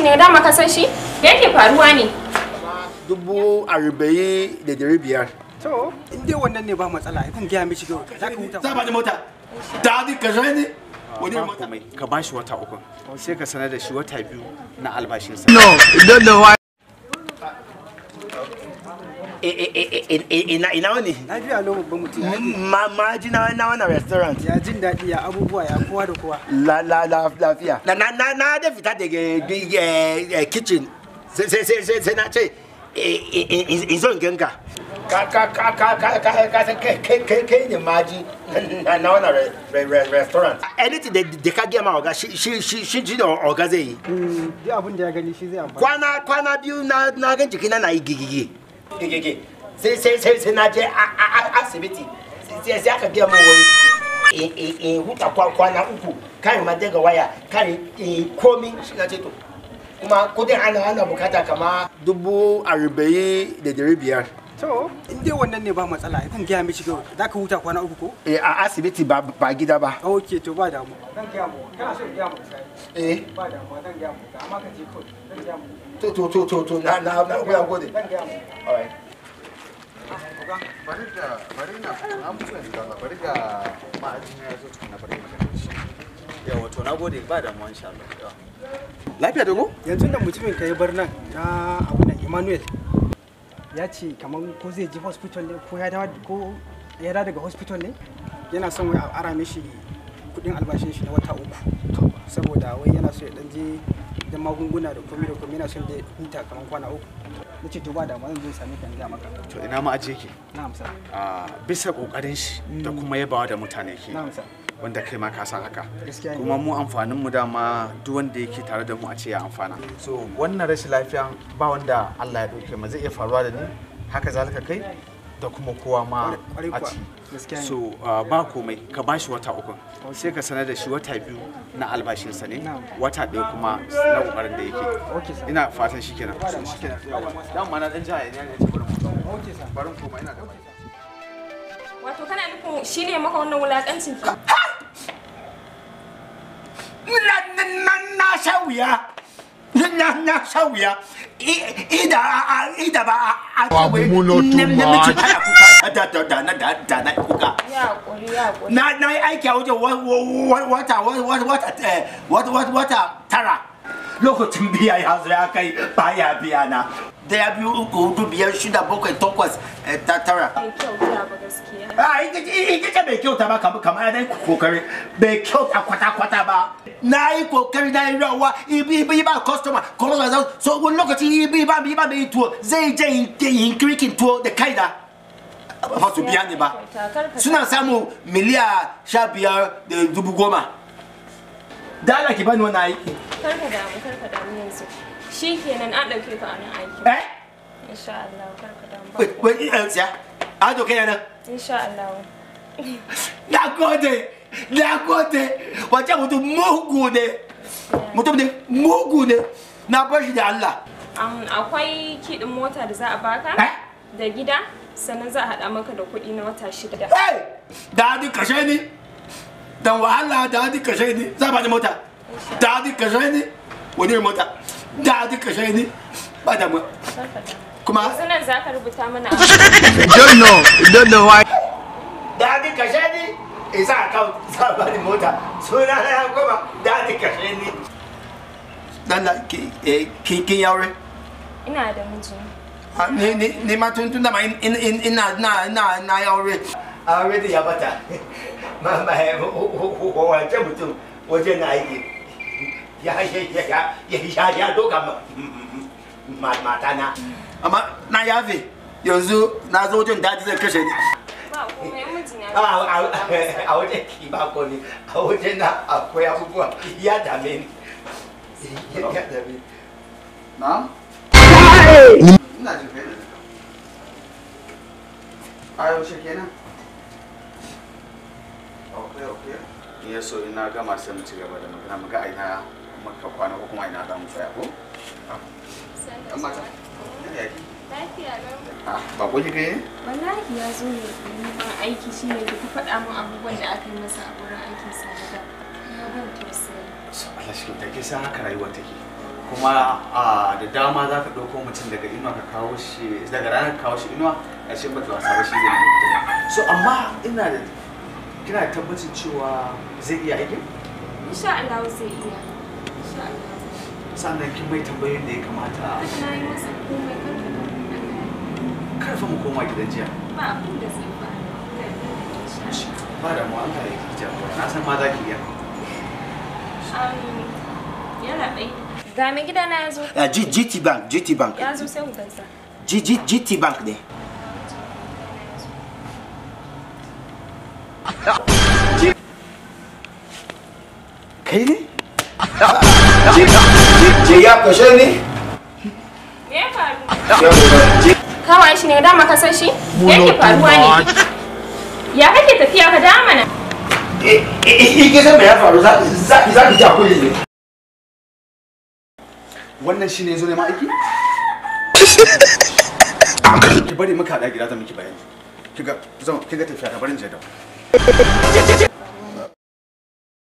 shi ne dama ka san shi da yake faruwa ne dubu arba'in da dare biyar to in dai wannan ne ba matsala zan gaya mishi kawai za ka huta za ba ni mota da ni ka ne wani mota ka ba shi wata uku sai ka sanar da shi wata biyu na albashinsa no don't know why Eh, eh, eh, ina wani lafiya lo babban mutum ya ji ma ma ji na na wannan restaurant ya jin daɗi ya abubuwa ya kowa da kowa la la lafiya na na na na da fita daga kitchen sai sai sai sai na ce in zo in ganka ka ka ka ka ka ka ka san kai kai kai kai ne maji na na wannan restaurant anything da da ka gaya ma oga shi shi shi shi shi oga zai yi mm, duk abin da ya gani shi zai amfana kwana kwana biyu na na gan jikina na yi gigige gegege sai sai sai sai na je asibiti sai sai aka biya min wani in eh, eh, eh, huta kwana uku kare ma daga waya kare komi shi na ce kuma kudin ana ana bukata kama dubu arba'in da dari biyar to inda wannan ne ba matsala zan gaya mishi kawai za ka huta kwana uku ko eh a asibiti ba ba gida ba ok to ba damu zan gaya mu kana so gaya mu eh ba damu zan gaya mu amma ka je kawai zan gaya mu to to to to na na na gode zan gaya mu alright bari bari na na mutu yanzu ba bari ma'ajin ya zo bari shi yawa to na gode ba insha Allah lafiya dogo yanzu da mutumin ka yi bar nan na abu nan Emmanuel ya ce kamar ko zai je hospital ne ko ya da ya daga hospital ne yana son wai a ara mishi kudin albashin shi na wata uku saboda wai yana so ya dan je da magunguna da komai da komai yana son da ya huta kamar kwana uku na ce to ba da zan zo sami kan maka to ina ma aje ke na'am amsa. a ah, bisa kokarin shi da mm. kuma yabawa da mutane ke na'am amsa. wanda kai ma ka san haka kuma mu amfanin mu dama duk wanda yake tare da mu a ce ya amfana so wannan rashin lafiya ba wanda Allah ya dauke ma zai iya faruwa da ni haka zalika kai da kuma kowa ma a ci so ah, ba komai ka bashi wata uku sai ka sanar da shi wata biyu na sa ne wata ɗaya kuma na kokarin da yake ina fatan shi kenan shi kenan dan ma na dan jaya ne ne barin komai ina da wato kana nufin shine maka wannan wulakancin ki نسوية نسوية إذا إذا بقى أبو na na yi aiki a wajen wata wata wata wata tara lokacin biya ya zo ya kai baya na da ya biyu uku hudu biyar shida bakwai takwas ta tara a ita ce ba kokari bai kyauta kwata-kwata ba na yi kokari na yi rawa ibi ibi ba customer customer zan so wani lokaci ibi ba ibi ba mai tuwo zai je yin kirkin tuwo da kaida ba su biya ne ba suna samu miliya sha biyar da dubu goma dala ki bani wani aiki karka damu karka damu yanzu shi kenan an ɗauke ka a nan aiki eh insha Allah karka damu ba wai ya ado kai nan insha Allah na gode Dangote wancan mutum mugu ne mutum ne mugu ne na bar shi da Allah akwai kiɗin mota da za a baka eh? da gida sannan za a haɗa maka da kuɗi na wata shida da hadi kashe ni dan wahala da hadi kashe ni za ba ni mota da hadi kashe ni wani mota da hadi kashe ni ba da kuma yanzu nan za ka rubuta mana don't know don't know why isa account sa ba ni mota suna na ya koma dadi kashe ni dan da ki eh, ki ki ina da miji ah, ni ma tun tun da ma ina ina na na yaure aure da ya bata ma ma eh, wace mutum waje na aiki ya ya ya ya ya doka mata na amma na yafe yanzu na zo wajen daji zai kashe ni a wajen kimako ne a wajen na akwai abubuwa ya dame ni ya dame ni na? ina jin kai a yaushe kenan ok ok ya so ina gama sai mu ci gaba da magana mu aina maka kwana ko kuma aina za mu tsaya ko? amma ta? ba ko ka yi wallahi ya zo ne neman aiki shi ne ku faɗa min abubuwan da aka yi masa a wurin aikin sa da ya ban tausayi Allah shi ke rayuwa take kuma da dama za ka ɗauko mutum daga inuwa ka kawo shi daga ranar kawo shi inuwa a shi ba ta wasa ba shi zai yi so amma ina da kina tabbacin cewa zai iya aikin insha Allah zai iya sannan kin mai tambayoyin da ya kamata karfa mu koma gidan jiya ba abin da zai ba ba da mu an kare ki jagora na san ma za ki iya yana ɗai ga mai gida na yazo ji ah, GT bank GT bank ya zo sai ku gaisa GT bank ne kai ne? je ya kashe ni me ya faru kawai shi ne dama ka san shi yake faruwa ne ya kake tafiya ka dama na eh, eh, eh ke san me ya faru za za ki ja kuli ne wannan shine yazo ne ma aiki ki bari muka da gida ta miki bayani kiga kiga tafiya ta barin je